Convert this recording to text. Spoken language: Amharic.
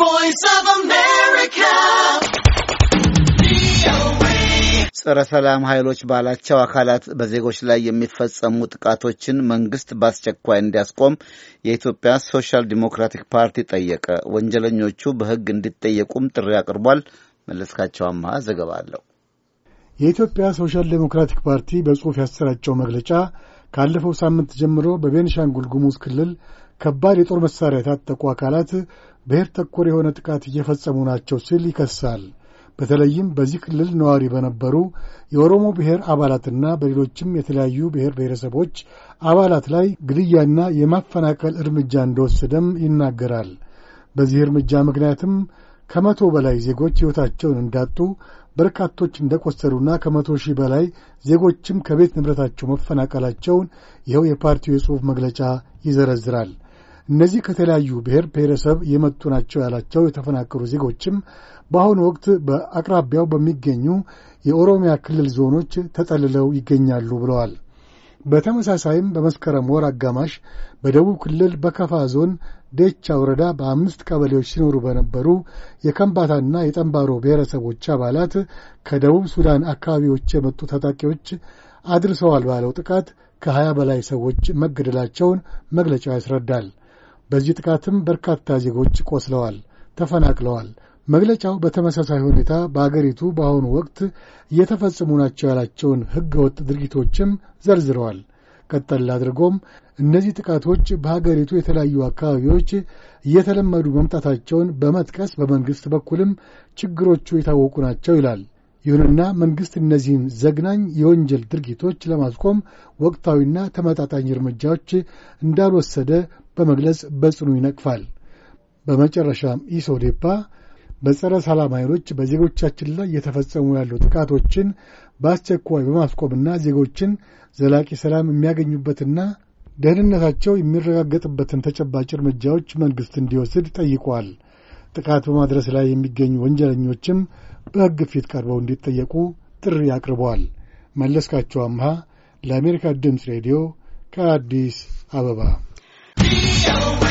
voice of America. ጸረ ሰላም ኃይሎች ባላቸው አካላት በዜጎች ላይ የሚፈጸሙ ጥቃቶችን መንግስት በአስቸኳይ እንዲያስቆም የኢትዮጵያ ሶሻል ዲሞክራቲክ ፓርቲ ጠየቀ። ወንጀለኞቹ በሕግ እንዲጠየቁም ጥሪ አቅርቧል። መለስካቸው አማሃ ዘገባ አለው። የኢትዮጵያ ሶሻል ዴሞክራቲክ ፓርቲ በጽሑፍ ያሰራጨው መግለጫ ካለፈው ሳምንት ጀምሮ በቤንሻንጉል ጉሙዝ ክልል ከባድ የጦር መሣሪያ የታጠቁ አካላት ብሔር ተኮር የሆነ ጥቃት እየፈጸሙ ናቸው ሲል ይከሳል። በተለይም በዚህ ክልል ነዋሪ በነበሩ የኦሮሞ ብሔር አባላትና በሌሎችም የተለያዩ ብሔር ብሔረሰቦች አባላት ላይ ግድያና የማፈናቀል እርምጃ እንደወሰደም ይናገራል። በዚህ እርምጃ ምክንያትም ከመቶ በላይ ዜጎች ሕይወታቸውን እንዳጡ በርካቶች እንደቆሰሉና ከመቶ ሺህ በላይ ዜጎችም ከቤት ንብረታቸው መፈናቀላቸውን ይኸው የፓርቲው የጽሑፍ መግለጫ ይዘረዝራል። እነዚህ ከተለያዩ ብሔር ብሔረሰብ የመጡ ናቸው ያላቸው የተፈናቀሉ ዜጎችም በአሁኑ ወቅት በአቅራቢያው በሚገኙ የኦሮሚያ ክልል ዞኖች ተጠልለው ይገኛሉ ብለዋል። በተመሳሳይም በመስከረም ወር አጋማሽ በደቡብ ክልል በከፋ ዞን ደቻ ወረዳ በአምስት ቀበሌዎች ሲኖሩ በነበሩ የከምባታና የጠንባሮ ብሔረሰቦች አባላት ከደቡብ ሱዳን አካባቢዎች የመጡ ታጣቂዎች አድርሰዋል ባለው ጥቃት ከሀያ በላይ ሰዎች መገደላቸውን መግለጫው ያስረዳል። በዚህ ጥቃትም በርካታ ዜጎች ቆስለዋል፣ ተፈናቅለዋል መግለጫው በተመሳሳይ ሁኔታ በአገሪቱ በአሁኑ ወቅት እየተፈጸሙ ናቸው ያላቸውን ሕገወጥ ድርጊቶችም ዘርዝረዋል። ቀጠል አድርጎም እነዚህ ጥቃቶች በሀገሪቱ የተለያዩ አካባቢዎች እየተለመዱ መምጣታቸውን በመጥቀስ በመንግሥት በኩልም ችግሮቹ የታወቁ ናቸው ይላል። ይሁንና መንግሥት እነዚህን ዘግናኝ የወንጀል ድርጊቶች ለማስቆም ወቅታዊና ተመጣጣኝ እርምጃዎች እንዳልወሰደ በመግለጽ በጽኑ ይነቅፋል። በመጨረሻም ኢሶዴፓ በጸረ ሰላም ኃይሎች በዜጎቻችን ላይ እየተፈጸሙ ያሉ ጥቃቶችን በአስቸኳይ በማስቆምና ዜጎችን ዘላቂ ሰላም የሚያገኙበትና ደህንነታቸው የሚረጋገጥበትን ተጨባጭ እርምጃዎች መንግሥት እንዲወስድ ጠይቋል። ጥቃት በማድረስ ላይ የሚገኙ ወንጀለኞችም በሕግ ፊት ቀርበው እንዲጠየቁ ጥሪ አቅርበዋል። መለስካቸው አምሃ ለአሜሪካ ድምፅ ሬዲዮ ከአዲስ አበባ